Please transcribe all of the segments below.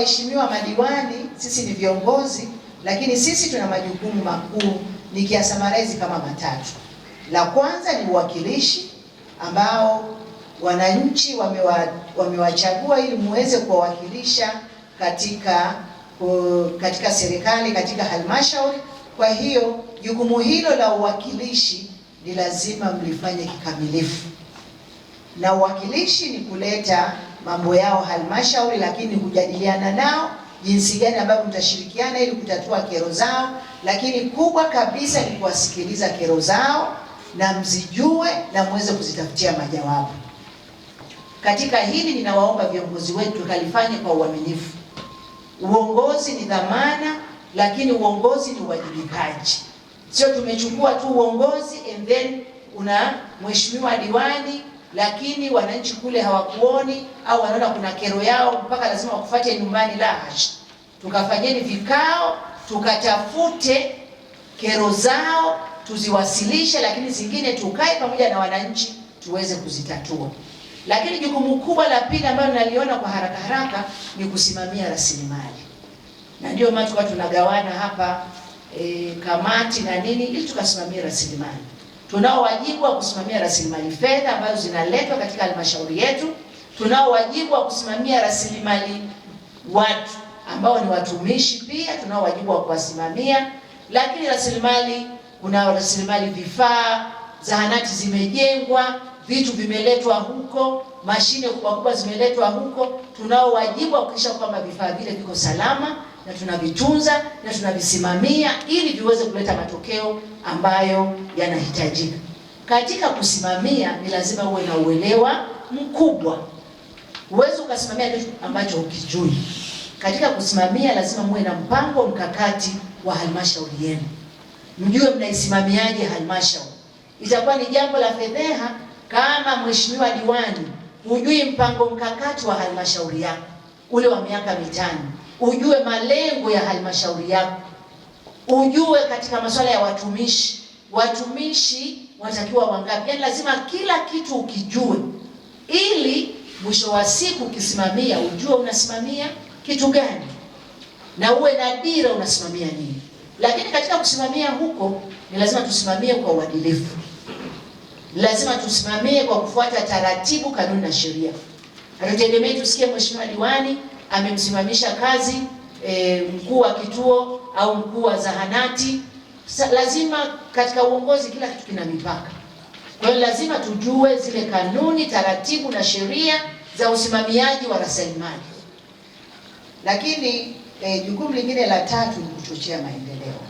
waheshimiwa madiwani, sisi ni viongozi, lakini sisi tuna majukumu makuu nikiyasamaraizi kama matatu. La kwanza ni uwakilishi ambao wananchi wamewachagua wame ili muweze kuwawakilisha katika katika serikali, katika halmashauri. Kwa hiyo jukumu hilo la uwakilishi ni lazima mlifanye kikamilifu, na uwakilishi ni kuleta mambo yao halmashauri, lakini hujadiliana nao jinsi gani ambavyo mtashirikiana ili kutatua kero zao, lakini kubwa kabisa ni kuwasikiliza kero zao na mzijue na muweze kuzitafutia majawabu. Katika hili ninawaomba viongozi wetu kalifanye kwa uaminifu. Uongozi ni dhamana, lakini uongozi ni uwajibikaji. Sio tumechukua tu uongozi and then una mheshimiwa diwani lakini wananchi kule hawakuoni au wanaona kuna kero yao mpaka lazima wakufuate nyumbani. La hasha, tukafanyeni vikao, tukatafute kero zao tuziwasilishe, lakini zingine tukae pamoja na wananchi tuweze kuzitatua. Lakini jukumu kubwa la pili ambalo naliona kwa haraka haraka ni kusimamia rasilimali, na ndio maana tukawa tunagawana hapa e, kamati na nini, ili tukasimamia rasilimali. Tunao wajibu wa kusimamia rasilimali fedha ambazo zinaletwa katika halmashauri yetu. Tunao wajibu wa kusimamia rasilimali watu ambao ni watumishi, pia tunao wajibu wa kuwasimamia. Lakini rasilimali, kuna rasilimali vifaa, zahanati zimejengwa, vitu vimeletwa huko, mashine kubwa kubwa zimeletwa huko. Tunao wajibu wa kuhakikisha kwamba vifaa vile viko salama na tunavitunza na tunavisimamia ili viweze kuleta matokeo ambayo yanahitajika. Katika kusimamia ni lazima uwe na uelewa mkubwa. Huwezi ukasimamia kitu ambacho ukijui. Katika kusimamia lazima muwe na mpango mkakati wa halmashauri yenu, mjue mnaisimamiaje halmashauri. Itakuwa ni jambo la fedheha kama mheshimiwa diwani hujui mpango mkakati wa halmashauri yako ule wa miaka mitano ujue malengo ya halmashauri yako, ujue katika masuala ya watumishi, watumishi watakiwa wangapi. Yani lazima kila kitu ukijue, ili mwisho wa siku ukisimamia, ujue unasimamia kitu gani na uwe na dira unasimamia nini. Lakini katika kusimamia huko ni lazima tusimamie kwa uadilifu, lazima tusimamie kwa kufuata taratibu, kanuni na sheria. Hatutegemei tusikie mheshimiwa diwani amemsimamisha kazi e, mkuu wa kituo au mkuu wa zahanati. Sa, lazima katika uongozi kila kitu kina mipaka. Kwa hiyo lazima tujue zile kanuni, taratibu na sheria za usimamiaji wa rasilimali. Lakini eh, jukumu lingine la tatu ni kuchochea maendeleo.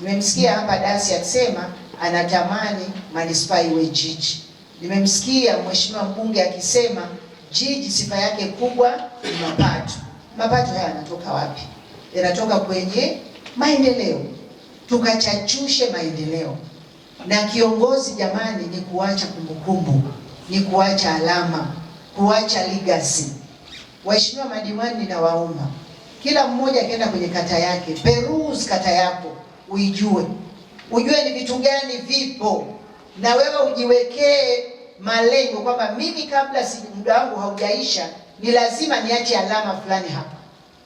Nimemsikia hapa Dasi akisema anatamani manispaa iwe jiji. Nimemsikia mheshimiwa mbunge akisema Jiji sifa yake kubwa ni mapato. Mapato haya yanatoka wapi? Yanatoka kwenye maendeleo, tukachachushe maendeleo. Na kiongozi jamani, ni kuacha kumbukumbu, ni kuacha alama, kuacha legacy. Waheshimiwa madiwani na waumma, kila mmoja akienda kwenye kata yake, peruse kata yako, uijue, ujue ni vitu gani vipo, na wewe ujiwekee malengo kwamba mimi kabla si muda wangu haujaisha, ni lazima niache alama fulani hapa.